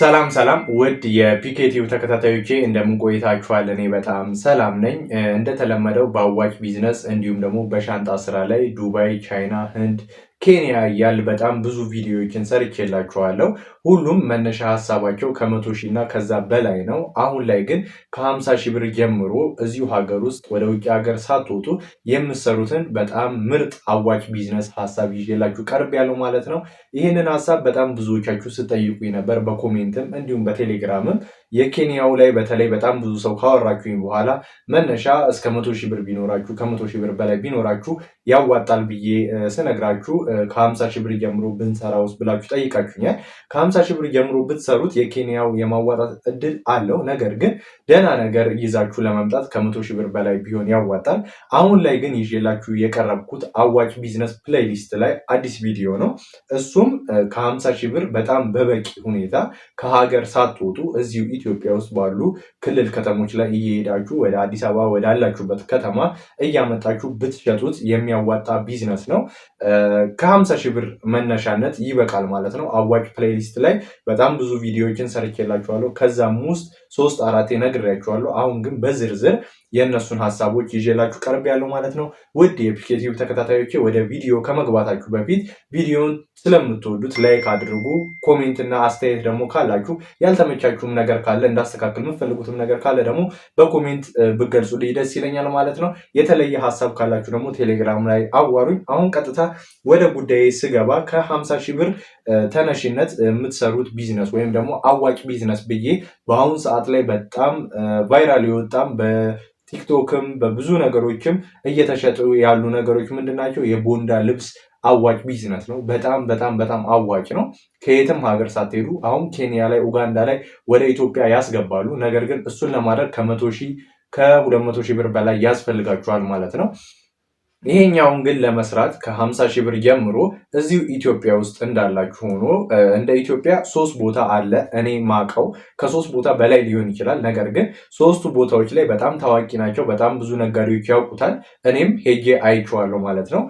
ሰላም ሰላም ውድ የፒኬቲቭ ተከታታዮቼ እንደምን ቆይታችኋል? እኔ በጣም ሰላም ነኝ። እንደተለመደው በአዋጭ ቢዝነስ እንዲሁም ደግሞ በሻንጣ ስራ ላይ ዱባይ፣ ቻይና፣ ህንድ ኬንያ እያል በጣም ብዙ ቪዲዮዎችን ሰርቼላችኋለሁ። ሁሉም መነሻ ሀሳባቸው ከመቶ ሺህ እና ከዛ በላይ ነው። አሁን ላይ ግን ከሀምሳ ሺህ ብር ጀምሮ እዚሁ ሀገር ውስጥ ወደ ውጭ ሀገር ሳትወጡ የምሰሩትን በጣም ምርጥ አዋጭ ቢዝነስ ሀሳብ ይዤላችሁ ቀርብ ያለው ማለት ነው። ይህንን ሀሳብ በጣም ብዙዎቻችሁ ስጠይቁኝ ነበር በኮሜንትም እንዲሁም በቴሌግራምም የኬንያው ላይ በተለይ በጣም ብዙ ሰው ካወራችሁኝ በኋላ መነሻ እስከ መቶ ሺህ ብር ቢኖራችሁ ከመቶ ሺህ ብር በላይ ቢኖራችሁ ያዋጣል ብዬ ስነግራችሁ ከሀምሳ ሺህ ብር ጀምሮ ብንሰራ ውስጥ ብላችሁ ጠይቃችሁኛል። ከሀምሳ ሺህ ብር ጀምሮ ብትሰሩት የኬንያው የማዋጣት እድል አለው። ነገር ግን ደህና ነገር ይዛችሁ ለመምጣት ከመቶ ሺህ ብር በላይ ቢሆን ያዋጣል። አሁን ላይ ግን ይዤላችሁ የቀረብኩት አዋጭ ቢዝነስ ፕሌይሊስት ላይ አዲስ ቪዲዮ ነው። እሱም ከሀምሳ ሺህ ብር በጣም በበቂ ሁኔታ ከሀገር ሳትወጡ እዚሁ ኢትዮጵያ ውስጥ ባሉ ክልል ከተሞች ላይ እየሄዳችሁ ወደ አዲስ አበባ ወዳላችሁበት ከተማ እያመጣችሁ ብትሸጡት የሚያዋጣ ቢዝነስ ነው። ከሀምሳ ሺህ ብር መነሻነት ይበቃል ማለት ነው። አዋጭ ፕሌሊስት ላይ በጣም ብዙ ቪዲዮዎችን ሰርቼላችኋለሁ። ከዛም ውስጥ ሶስት አራት ነግሬያችኋለሁ። አሁን ግን በዝርዝር የእነሱን ሀሳቦች ይዤላችሁ ቀርብ ያለው ማለት ነው። ውድ የፒኬቲቭ ተከታታዮቼ ወደ ቪዲዮ ከመግባታችሁ በፊት ቪዲዮን ስለምትወዱት ላይክ አድርጉ። ኮሜንት እና አስተያየት ደግሞ ካላችሁ ያልተመቻችሁም ነገር ካለ እንዳስተካክል የምትፈልጉትም ነገር ካለ ደግሞ በኮሜንት ልይ ደስ ይለኛል ማለት ነው። የተለየ ሀሳብ ካላችሁ ደግሞ ቴሌግራም ላይ አዋሩኝ። አሁን ቀጥታ ወደ ጉዳይ ስገባ ከ50 ሺህ ብር ተነሽነት የምትሰሩት ቢዝነስ ወይም ደግሞ አዋጭ ቢዝነስ ብዬ በአሁኑ ሰዓት ላይ በጣም ቫይራል የወጣም ቲክቶክም በብዙ ነገሮችም እየተሸጡ ያሉ ነገሮች ምንድናቸው የቦንዳ ልብስ አዋጭ ቢዝነስ ነው። በጣም በጣም በጣም አዋጭ ነው። ከየትም ሀገር ሳትሄዱ አሁን ኬንያ ላይ ኡጋንዳ ላይ ወደ ኢትዮጵያ ያስገባሉ። ነገር ግን እሱን ለማድረግ ከመቶ ሺህ ከሁለት መቶ ሺህ ብር በላይ ያስፈልጋችኋል ማለት ነው። ይሄኛውን ግን ለመስራት ከ50 ሺህ ብር ጀምሮ እዚሁ ኢትዮጵያ ውስጥ እንዳላችሁ ሆኖ እንደ ኢትዮጵያ ሶስት ቦታ አለ። እኔ ማቀው ከሶስት ቦታ በላይ ሊሆን ይችላል። ነገር ግን ሶስቱ ቦታዎች ላይ በጣም ታዋቂ ናቸው። በጣም ብዙ ነጋዴዎች ያውቁታል። እኔም ሄጄ አይቼዋለሁ ማለት ነው።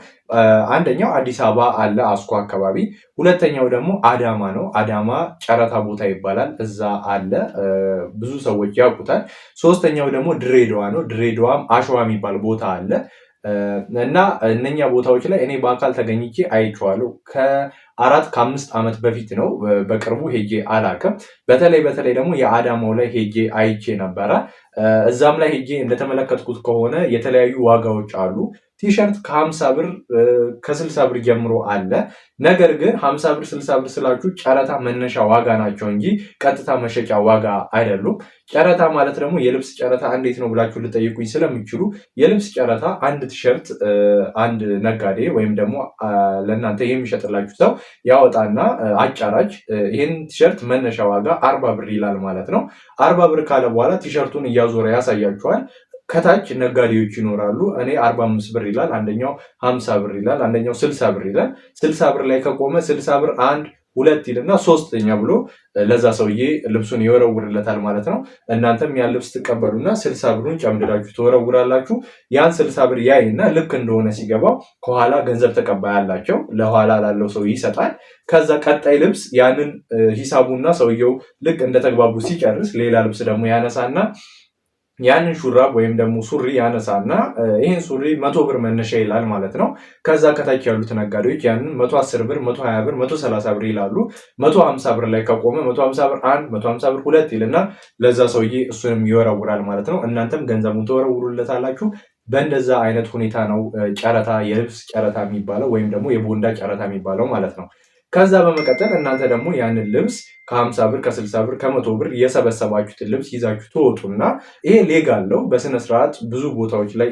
አንደኛው አዲስ አበባ አለ አስኮ አካባቢ። ሁለተኛው ደግሞ አዳማ ነው። አዳማ ጨረታ ቦታ ይባላል። እዛ አለ፣ ብዙ ሰዎች ያውቁታል። ሶስተኛው ደግሞ ድሬዳዋ ነው። ድሬዳዋም አሸዋ የሚባል ቦታ አለ። እና እነኛ ቦታዎች ላይ እኔ በአካል ተገኝቼ አይቼዋለሁ። ከአራት ከአምስት ዓመት በፊት ነው። በቅርቡ ሄጄ አላውቅም። በተለይ በተለይ ደግሞ የአዳማው ላይ ሄጄ አይቼ ነበረ። እዛም ላይ ሄጄ እንደተመለከትኩት ከሆነ የተለያዩ ዋጋዎች አሉ። ቲሸርት ከ50 ብር ከ60 ብር ጀምሮ አለ። ነገር ግን 50 ብር 60 ብር ስላችሁ ጨረታ መነሻ ዋጋ ናቸው እንጂ ቀጥታ መሸጫ ዋጋ አይደሉም። ጨረታ ማለት ደግሞ የልብስ ጨረታ እንዴት ነው ብላችሁ ልጠይቁኝ ስለሚችሉ የልብስ ጨረታ አንድ ቲሸርት አንድ ነጋዴ ወይም ደግሞ ለእናንተ የሚሸጥላችሁ ሰው ያወጣና አጫራጭ ይህን ቲሸርት መነሻ ዋጋ አርባ ብር ይላል ማለት ነው። አርባ ብር ካለ በኋላ ቲሸርቱን እያዞረ ያሳያችኋል። ከታች ነጋዴዎች ይኖራሉ። እኔ አርባ አምስት ብር ይላል አንደኛው፣ ሀምሳ ብር ይላል አንደኛው፣ ስልሳ ብር ይላል። ስልሳ ብር ላይ ከቆመ ስልሳ ብር አንድ ሁለት ይልና ሶስተኛ ብሎ ለዛ ሰውዬ ልብሱን ይወረውርለታል ማለት ነው። እናንተም ያን ልብስ ትቀበሉና ስልሳ ብሩን ጨምድዳችሁ ትወረውራላችሁ። ያን ስልሳ ብር ያይና ልክ እንደሆነ ሲገባው ከኋላ ገንዘብ ተቀባይ አላቸው፣ ለኋላ ላለው ሰው ይሰጣል። ከዛ ቀጣይ ልብስ ያንን ሂሳቡና ሰውየው ልክ እንደተግባቡ ሲጨርስ ሌላ ልብስ ደግሞ ያነሳና ያንን ሹራብ ወይም ደግሞ ሱሪ ያነሳና ይህን ሱሪ መቶ ብር መነሻ ይላል ማለት ነው። ከዛ ከታች ያሉት ነጋዴዎች ያንን መቶ አስር ብር፣ መቶ ሀያ ብር፣ መቶ ሰላሳ ብር ይላሉ። መቶ ሀምሳ ብር ላይ ከቆመ መቶ ሀምሳ ብር አንድ መቶ ሀምሳ ብር ሁለት ይልና ለዛ ሰውዬ እሱንም ይወረውራል ማለት ነው። እናንተም ገንዘቡን ትወረውሩለታላችሁ። በእንደዛ አይነት ሁኔታ ነው ጨረታ፣ የልብስ ጨረታ የሚባለው ወይም ደግሞ የቦንዳ ጨረታ የሚባለው ማለት ነው። ከዛ በመቀጠል እናንተ ደግሞ ያንን ልብስ ከሀምሳ ብር ከስልሳ ብር ከመቶ ብር የሰበሰባችሁትን ልብስ ይዛችሁ ትወጡና ይሄ ሌጋል ነው። በስነ ስርዓት ብዙ ቦታዎች ላይ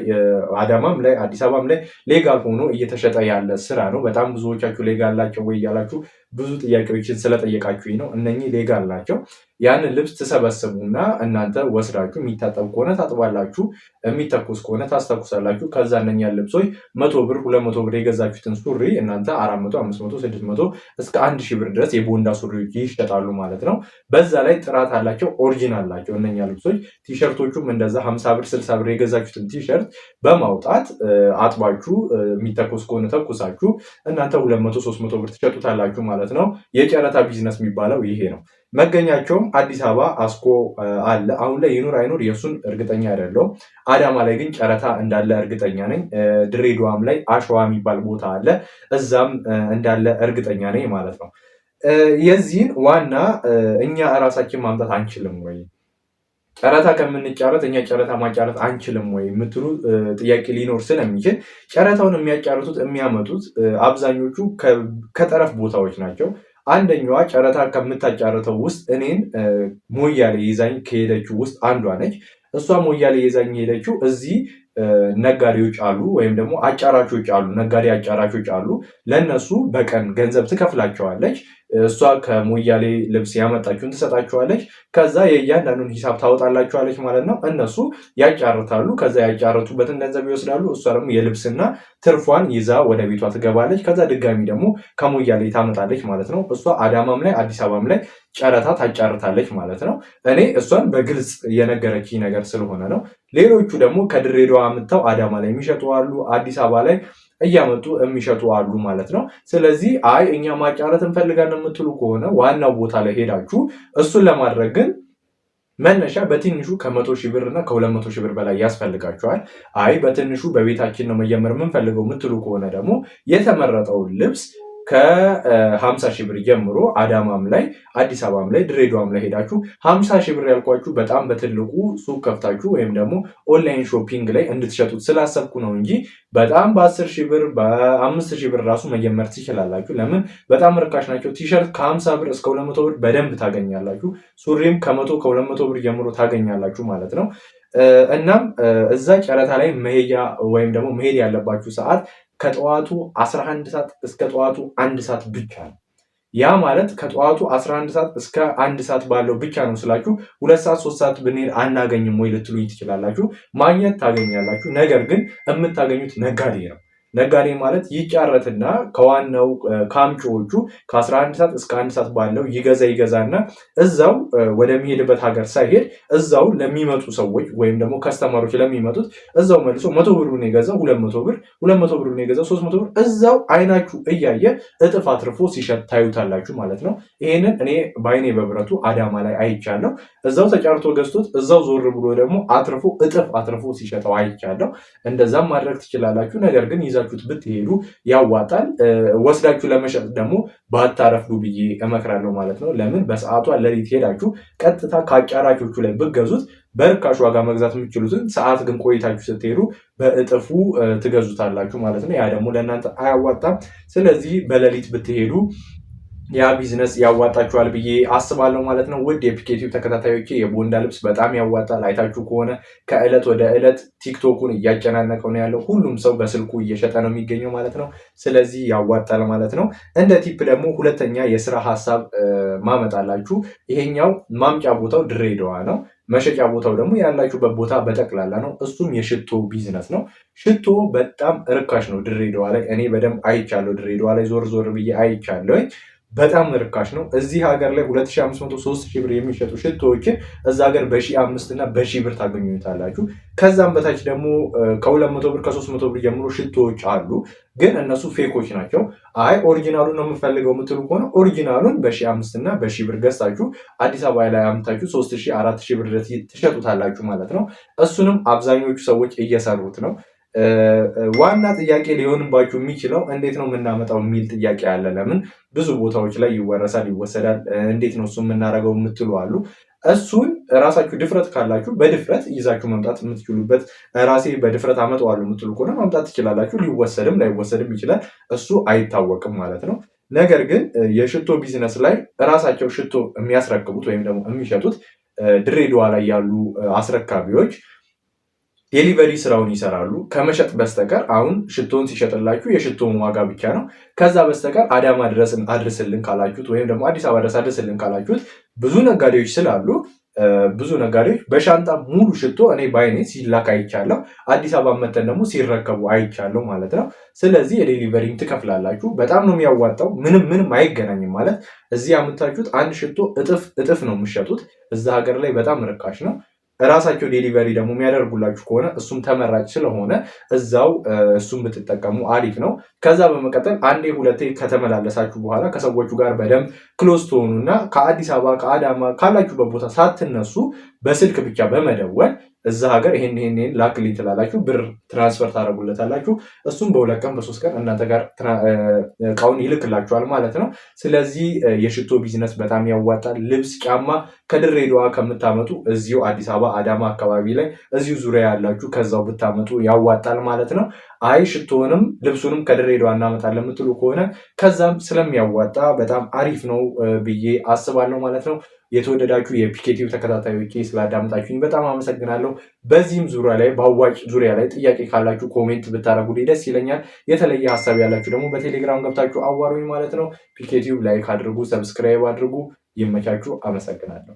አዳማም ላይ አዲስ አበባም ላይ ሌጋል ሆኖ እየተሸጠ ያለ ስራ ነው። በጣም ብዙዎቻችሁ ሌጋል ናቸው ወይ እያላችሁ ብዙ ጥያቄዎችን ስለጠየቃችሁ ነው። እነኚህ ሌጋል ናቸው። ያንን ልብስ ትሰበስቡና እናንተ ወስዳችሁ የሚታጠብ ከሆነ ታጥባላችሁ፣ የሚተኩስ ከሆነ ታስተኩሳላችሁ። ከዛ እነኛን ልብሶች መቶ ብር ሁለት መቶ ብር የገዛችሁትን ሱሪ እናንተ አራት መቶ አምስት መቶ ስድስት መቶ እስከ አንድ ሺህ ብር ድረስ የቦንዳ ሱሪዎች ይሸጣሉ ይችላሉ ማለት ነው። በዛ ላይ ጥራት አላቸው፣ ኦሪጂናል ናቸው እነኛ ልብሶች። ቲሸርቶቹም እንደዛ ሀምሳ ብር ስልሳ ብር የገዛችሁትን ቲሸርት በማውጣት አጥባችሁ የሚተኮስ ከሆነ ተኩሳችሁ እናንተ ሁለት መቶ ሶስት መቶ ብር ትሸጡታላችሁ ማለት ነው። የጨረታ ቢዝነስ የሚባለው ይሄ ነው። መገኛቸውም አዲስ አበባ አስኮ አለ። አሁን ላይ ይኑር አይኑር የእሱን እርግጠኛ አይደለሁም። አዳማ ላይ ግን ጨረታ እንዳለ እርግጠኛ ነኝ። ድሬዳዋም ላይ አሸዋ የሚባል ቦታ አለ። እዛም እንዳለ እርግጠኛ ነኝ ማለት ነው። የዚህን ዋና እኛ እራሳችን ማምጣት አንችልም ወይ? ጨረታ ከምንጫረት እኛ ጨረታ ማጫረት አንችልም ወይ የምትሉ ጥያቄ ሊኖር ስለሚችል ጨረታውን የሚያጫርቱት የሚያመጡት አብዛኞቹ ከጠረፍ ቦታዎች ናቸው። አንደኛዋ ጨረታ ከምታጫርተው ውስጥ እኔን ሞያሌ ይዛኝ ከሄደችው ውስጥ አንዷ ነች። እሷ ሞያሌ ይዛኝ ሄደችው እዚህ ነጋዴዎች አሉ፣ ወይም ደግሞ አጫራቾች አሉ፣ ነጋዴ አጫራቾች አሉ። ለእነሱ በቀን ገንዘብ ትከፍላቸዋለች። እሷ ከሞያሌ ልብስ ያመጣችሁን ትሰጣችኋለች። ከዛ የእያንዳንዱን ሂሳብ ታወጣላችኋለች ማለት ነው። እነሱ ያጫርታሉ። ከዛ ያጫረቱበትን ገንዘብ ይወስዳሉ። እሷ ደግሞ የልብስና ትርፏን ይዛ ወደ ቤቷ ትገባለች። ከዛ ድጋሚ ደግሞ ከሞያሌ ታመጣለች ማለት ነው። እሷ አዳማም ላይ አዲስ አበባም ላይ ጨረታ ታጫርታለች ማለት ነው። እኔ እሷን በግልጽ የነገረች ነገር ስለሆነ ነው። ሌሎቹ ደግሞ ከድሬዳዋ አምጥተው አዳማ ላይ የሚሸጡ አሉ፣ አዲስ አበባ ላይ እያመጡ የሚሸጡ አሉ ማለት ነው። ስለዚህ አይ እኛ ማጫረት እንፈልጋለን የምትሉ ከሆነ ዋናው ቦታ ላይ ሄዳችሁ እሱን ለማድረግ ግን መነሻ በትንሹ ከመቶ ሺህ ብር እና ከሁለት መቶ ሺህ ብር በላይ ያስፈልጋችኋል። አይ በትንሹ በቤታችን ነው መጀመር የምንፈልገው የምትሉ ከሆነ ደግሞ የተመረጠውን ልብስ ከሀምሳ ሺህ ብር ጀምሮ አዳማም ላይ አዲስ አበባም ላይ ድሬዳዋም ላይ ሄዳችሁ ሀምሳ ሺህ ብር ያልኳችሁ በጣም በትልቁ ሱቅ ከፍታችሁ ወይም ደግሞ ኦንላይን ሾፒንግ ላይ እንድትሸጡት ስላሰብኩ ነው እንጂ በጣም በአስር ሺህ ብር በአምስት ሺህ ብር ራሱ መጀመር ትችላላችሁ። ለምን በጣም ርካሽ ናቸው። ቲሸርት ከሀምሳ ብር እስከ ሁለት መቶ ብር በደንብ ታገኛላችሁ። ሱሪም ከመቶ ከሁለት መቶ ብር ጀምሮ ታገኛላችሁ ማለት ነው። እናም እዛ ጨረታ ላይ መሄጃ ወይም ደግሞ መሄድ ያለባችሁ ሰዓት ከጠዋቱ 11 ሰዓት እስከ ጠዋቱ አንድ ሰዓት ብቻ ነው። ያ ማለት ከጠዋቱ 11 ሰዓት እስከ አንድ ሰዓት ባለው ብቻ ነው ስላችሁ፣ ሁለት ሰዓት ሶስት ሰዓት ብንሄድ አናገኝም ወይ ልትሉኝ ትችላላችሁ። ማግኘት ታገኛላችሁ። ነገር ግን የምታገኙት ነጋዴ ነው። ነጋዴ ማለት ይጫረትና ከዋናው ከአምጪዎቹ ከ11 ሰዓት እስከ አንድ ሰዓት ባለው ይገዛ ይገዛና እዛው ወደሚሄድበት ሀገር ሳይሄድ እዛው ለሚመጡ ሰዎች ወይም ደግሞ ከስተማሮች ለሚመጡት እዛው መልሶ መቶ ብሩን የገዛ ሁለት መቶ ብር ሁለት መቶ ብሩን የገዛ ሶስት መቶ ብር እዛው አይናችሁ እያየ እጥፍ አትርፎ ሲሸጥ ታዩታላችሁ ማለት ነው። ይሄንን እኔ በአይኔ በብረቱ አዳማ ላይ አይቻለሁ። እዛው ተጫርቶ ገዝቶት እዛው ዞር ብሎ ደግሞ አትርፎ እጥፍ አትርፎ ሲሸጠው አይቻለሁ። እንደዛም ማድረግ ትችላላችሁ። ነገር ግን ይዛችሁት ብትሄዱ ያዋጣል። ወስዳችሁ ለመሸጥ ደግሞ ባታረፍዱ ብዬ እመክራለሁ ማለት ነው። ለምን በሰዓቷ ለሊት ሄዳችሁ ቀጥታ ከአጫራቾቹ ላይ ብገዙት በርካሽ ዋጋ መግዛት የምችሉትን ሰዓት ግን ቆይታችሁ ስትሄዱ በእጥፉ ትገዙታላችሁ ማለት ነው። ያ ደግሞ ለእናንተ አያዋጣም። ስለዚህ በሌሊት ብትሄዱ ያ ቢዝነስ ያዋጣችኋል ብዬ አስባለሁ ማለት ነው። ውድ የፒኬቲቭ ተከታታዮች የቦንዳ ልብስ በጣም ያዋጣል። አይታችሁ ከሆነ ከእለት ወደ እለት ቲክቶኩን እያጨናነቀው ነው ያለው። ሁሉም ሰው በስልኩ እየሸጠ ነው የሚገኘው ማለት ነው። ስለዚህ ያዋጣል ማለት ነው። እንደ ቲፕ ደግሞ ሁለተኛ የስራ ሀሳብ ማመጣላችሁ። ይሄኛው ማምጫ ቦታው ድሬዳዋ ነው። መሸጫ ቦታው ደግሞ ያላችሁበት ቦታ በጠቅላላ ነው። እሱም የሽቶ ቢዝነስ ነው። ሽቶ በጣም እርካሽ ነው ድሬዳዋ ላይ። እኔ በደንብ አይቻለሁ። ድሬዳዋ ላይ ዞር ዞር ብዬ አይቻለሁ። በጣም ርካሽ ነው። እዚህ ሀገር ላይ 2500 ብር የሚሸጡ ሽቶዎችን እዛ ሀገር በሺህ አምስት እና በሺህ ብር ታገኙታላችሁ። ከዛም በታች ደግሞ ከ200 ብር ከ300 ብር ጀምሮ ሽቶዎች አሉ፣ ግን እነሱ ፌኮች ናቸው። አይ ኦሪጂናሉን ነው የምፈልገው የምትሉ ከሆነ ኦሪጂናሉን በሺህ አምስት እና በሺህ ብር ገዝታችሁ አዲስ አበባ ላይ አምታችሁ 3000 4000 ብር ትሸጡታላችሁ ማለት ነው። እሱንም አብዛኞቹ ሰዎች እየሰሩት ነው። ዋና ጥያቄ ሊሆንባችሁ የሚችለው እንዴት ነው የምናመጣው የሚል ጥያቄ አለ። ለምን ብዙ ቦታዎች ላይ ይወረሳል፣ ይወሰዳል፣ እንዴት ነው እሱ የምናደርገው የምትሉ አሉ። እሱን ራሳችሁ ድፍረት ካላችሁ በድፍረት ይዛችሁ መምጣት የምትችሉበት ራሴ በድፍረት አመጣዋለሁ የምትሉ ከሆነ መምጣት ትችላላችሁ። ሊወሰድም ላይወሰድም ይችላል፣ እሱ አይታወቅም ማለት ነው። ነገር ግን የሽቶ ቢዝነስ ላይ ራሳቸው ሽቶ የሚያስረክቡት ወይም ደግሞ የሚሸጡት ድሬዳዋ ላይ ያሉ አስረካቢዎች ዴሊቨሪ ስራውን ይሰራሉ ከመሸጥ በስተቀር አሁን ሽቶን ሲሸጥላችሁ የሽቶን ዋጋ ብቻ ነው። ከዛ በስተቀር አዳማ ድረስ አድርስልን ካላችሁት ወይም ደግሞ አዲስ አበባ ድረስ አድርስልን ካላችሁት ብዙ ነጋዴዎች ስላሉ ብዙ ነጋዴዎች በሻንጣ ሙሉ ሽቶ እኔ ባይኔ ሲላክ አይቻለሁ። አዲስ አበባ መተን ደግሞ ሲረከቡ አይቻለሁ ማለት ነው። ስለዚህ የዴሊቨሪም ትከፍላላችሁ። በጣም ነው የሚያዋጣው። ምንም ምንም አይገናኝም ማለት እዚህ ያመታችሁት አንድ ሽቶ እጥፍ እጥፍ ነው የምትሸጡት። እዛ ሀገር ላይ በጣም ርካሽ ነው። እራሳቸው ዴሊቨሪ ደግሞ የሚያደርጉላችሁ ከሆነ እሱም ተመራጭ ስለሆነ እዛው እሱም ብትጠቀሙ አሪፍ ነው። ከዛ በመቀጠል አንዴ ሁለቴ ከተመላለሳችሁ በኋላ ከሰዎቹ ጋር በደንብ ክሎዝ ትሆኑና ከአዲስ አበባ ከአዳማ ካላችሁበት ቦታ ሳትነሱ በስልክ ብቻ በመደወል እዛ ሀገር ይሄን ይሄን ይሄን ላክልኝ ትላላችሁ፣ ብር ትራንስፈር ታደርጉለታላችሁ። እሱም በሁለት ቀን በሶስት ቀን እናንተ ጋር እቃውን ይልክላችኋል ማለት ነው። ስለዚህ የሽቶ ቢዝነስ በጣም ያዋጣል። ልብስ፣ ጫማ ከድሬዳዋ ከምታመጡ እዚሁ አዲስ አበባ፣ አዳማ አካባቢ ላይ እዚሁ ዙሪያ ያላችሁ ከዛው ብታመጡ ያዋጣል ማለት ነው። አይ ሽቶንም ልብሱንም ከድሬዳዋ እናመጣለን የምትሉ ከሆነ ከዛም ስለሚያዋጣ በጣም አሪፍ ነው ብዬ አስባለሁ ማለት ነው። የተወደዳችሁ የፒኬቲቭ ተከታታዮች ስላዳመጣችሁኝ በጣም አመሰግናለሁ። በዚህም ዙሪያ ላይ በአዋጭ ዙሪያ ላይ ጥያቄ ካላችሁ ኮሜንት ብታደርጉልኝ ደስ ይለኛል። የተለየ ሀሳብ ያላችሁ ደግሞ በቴሌግራም ገብታችሁ አዋሩኝ ማለት ነው። ፒኬቲቭ ላይክ አድርጉ፣ ሰብስክራይብ አድርጉ። ይመቻችሁ። አመሰግናለሁ።